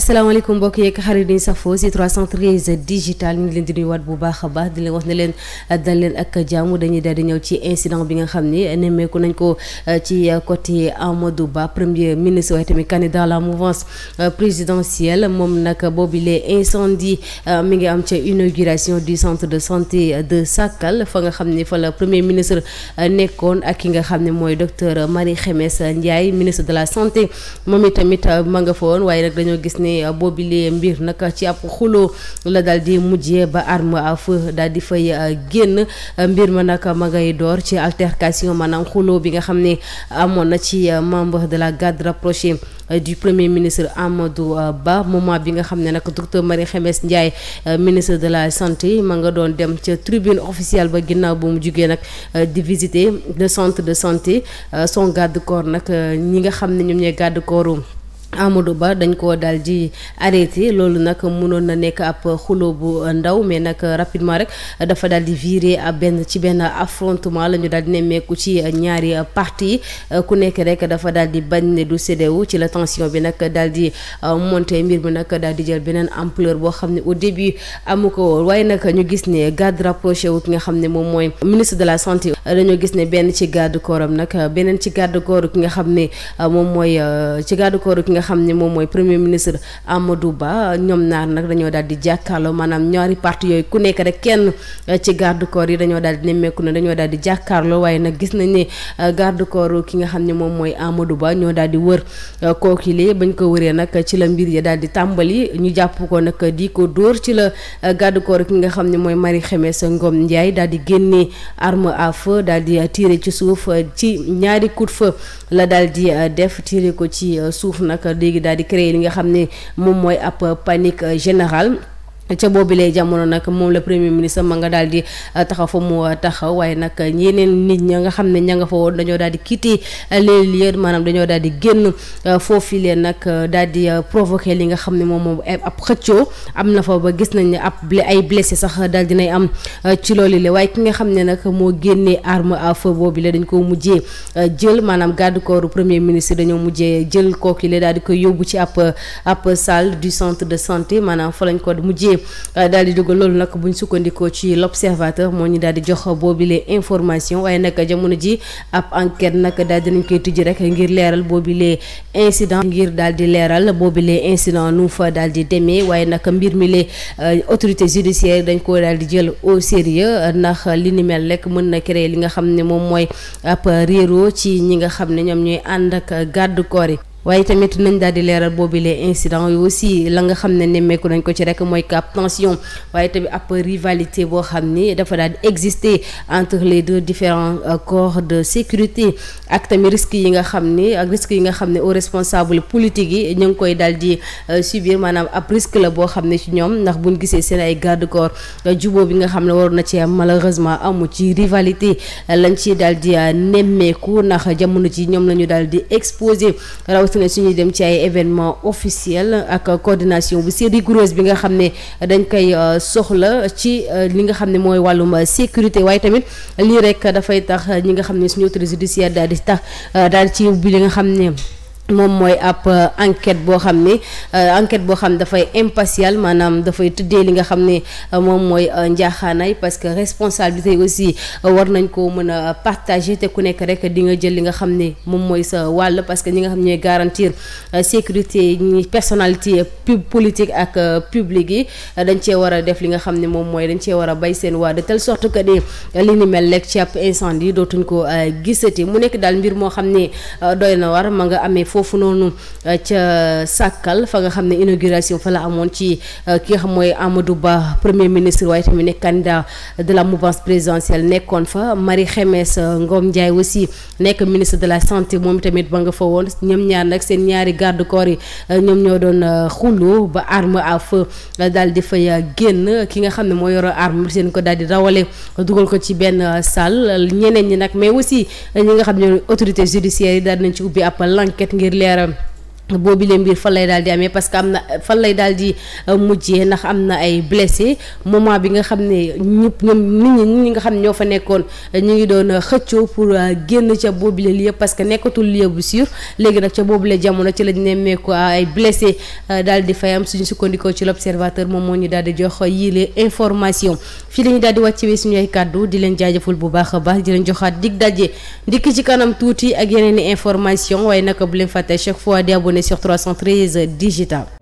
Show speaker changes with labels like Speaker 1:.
Speaker 1: asalaamaaleykum mbokk yeeg xarit yi safoo si 313 digital ñu ngi leen di nuyuwaat bu baax a baax di leen wax ne leen dal leen ak jàmm dañuy daal di ñëw ci incident bi nga xam ni nemmeeku nañ ko euh, ci côté Amadou Ba premier ministre waaye tamit candidat la mouvance euh, présidentielle moom nag boobu les incendie euh, mi ngi am ca inauguration du centre de santé de Sakal fa nga xam ni fa la premier ministre nekkoon ak ki nga xam ne mooy docteur Marie Khemesse Ndiaye ministre de la santé moom itamit ma nga fa waaye nag dañoo gis ni ne ah, boobile mbir nag ci ab xuloo la daal di mujjee ba arme à feu daal di fay ah, génn mbir ma nag ma ngay door ci ma maanaam xuloo bi nga xam ne amoon na ci ah, membre de la garde rapprochée du premier ministre Amadou Ba moment bi nga xam ne nag docteur Marie Khemesse Ndiaye ministre de la santé ma nga doon dem ca tribune officielle ba ginnaaw bu mu jugee nag di visiter le centre de santé son garde corps nag ñi nga xam ne ñoom ñooy garde corps Amadou Ba dañ koo daal di arrêté loolu nag mënoon na nekk ab xuloo bu ndaw mais nag rapidement rek dafa daal di viré benn ci benn affrontement la ñu daal di nemmeeku ci ñaari parti ku nekk rek dafa daal di bañ ne du CEDEAO ci la tension bi nag daal di euh, monté mbir mi nag daal di jël beneen ampleur boo xam ne au début amu ko waaye nag ñu gis ne garde rapproché wu ki nga xam ne moom mooy ministre de la santé dañoo gis ne benn ci garde corps am beneen ci garde ki nga xam ne euh, moom mooy euh, ci garde corps nga xam ne moom mooy premier ministre Amadou Ba ñoom naar nag dañoo daal di jàkkaarloo maanaam ñaari parti yooyu ku nekk rek kenn ci garde corps yi dañoo daal di nemmeeku na dañoo daal di jàkkaarloo waaye nag gis nañ ne euh, garde corps ki nga xam ne moom mooy Amadou Ba ñoo daal di wër euh, kookile bañ ko wëree nag ci la mbir ya daal di tàmbali ñu jàpp ko nag di ko dóor ci la euh, garde corps ki nga xam ne mooy Marie Khemesse Ngom Ndiaye daal di génnee arme à feu daal di tiire ci suuf ci ñaari coup de la daal def tiire ko ci suuf nag léegi daal di créer li nga xam ne moom mooy ab panique générale ca boobilee jamono nag moom la premier ministre ma nga daal di uh, taxaw fa mu uh, taxaw waaye nag yeneen nit ña nga xam ne ña nga fa woon dañoo daal di quitté uh, les lieux maanaam dañoo daal di génn foofu leen nag daal di provoqué li nga xam ne moom moom eh, ab xëccoo am na fa ba gis nañ ne ab ay blessé sax daal di nay am ci loolu le waaye ki nga xam ne nag moo génnee arme à feu boobile dañ ko mujjee jël maanaam garde corps premier ministre dañoo mujjee jël kooku le daal di koy yóbbu ci ab ab salle du centre de santé maanaam fa lañ ko mujjee. daal di dugal loolu nag buñ sukkandikoo ci l'observateur moo ñi daal di jox boobile information waaye nag jamono ji ab enquête nag daal dinañ koy tijji rek ngir leeral boobile incident ngir daal di leeral boobile incident nu fa daal di demee waaye nag mbir mi lee euh, autorité judiciaire dañ ko daal di jël au sérieux ndax li ni mel rek mën na créer li nga xam ne moom mooy ab réeroo ci ñi nga xam ne ñoom ñooy ànd ak gàdd corps yi waaye tamit nañ daal di leeral boobu les incidents yi aussi la nga xam ne nemmeeku nañ ko ci rek mooy ab tension waaye tamit ab rivalité boo xam ni dafa daal di exister entre les deux différent euh, corps de sécurité ak tamit risques yi nga xam ni ak risques yi nga xam ne aux responsables politiques yi ñu ngi koy daal di euh, subir maanaam ab risque la boo xam ne ci ñoom ndax buñ gisee seen ay garde corps euh, juboo bi nga xam ne waroon na ci am malheureusement amu ci rivalité lañ ci daal di nemmeeku ndax jamono ci ñoom la ñu daal di exposé su suñuy dem ci ay événement officiel ak coordination bu si rigoureuse bi nga xam ne dañ koy euh, soxla ci euh, li nga xam ne mooy wàllum sécurité waaye tamit lii rek dafay tax ñi nga xam ne suñu autorité judiciaire daal di tax euh, daal ci ubbi li nga xam ne moom mooy ab euh, enquête boo xam ne euh, enquête boo xam ne dafay impartial maanaam dafay tuddee li nga xam ne euh, moom mooy njaaxaanaay parce que responsabilité aussi war nañ ko mën a partager ku nekk rek di nga jël li nga xam ne moom mooy sa wàll parce que ñi nga xam ñooy garantir sécurité ñi personnalité pub politique ak publique yi dañ cee war a def li nga xam ne moom mooy dañ cee war a bay seen waa de telle sorte que ni li mel lekk ci ab incendie dootuñ ko gisati mu nekk daal mbir moo xam ne doy na war ma nga amee foofu noonu euh, ca Sàkkal fa nga xam ne inauguration fa la amoon ci euh, ki nga xam mooy Amadou Ba premier ministre waaye tamit nekk candidat de la mouvance présidentielle nekkoon fa Marie Khemesse Ngom Ndiaye aussi nekk ministre de la santé moom tamit ba nga fa woon ñoom ñaar nag seen ñaari garde corps yi euh, ñoom ñoo doon xuloo ba arme à feu daal di fay génn ki nga xam ne moo yoro arme seen ko dal di rawale dugal ko ci benn salle ñeneen ñi nag mais aussi ñi nga xam ne autorité judiciaire yi daal nañ ci ubbi ngir leeral boobi lee mbir fan lay daal amee parce am na fan lay daal euh, mujjee ndax am na ay blessé moment bi nga xam ne ñëpp ñoom nit ñi nga xam ne ñoo fa nekkoon euh, ñu ngi doon euh, xëccoo pour génn ca boobi lee lieu parce que nekkatul lieu bu sûr léegi nag ca boobu lee jamono ci lañ nemmeeku ay blessé daal di fay am suñu sukkandikoo ci l'observateur moom moo ñu daal di jox yile information fii la ñu daal di wàcc wee suñu ay kàddu di leen jaajëful bu baax a baax di leen joxaat dig daje ndikk ci kanam tuuti ak yeneen i information waaye naka bu leen fàtte chaque fois sur 313 digital.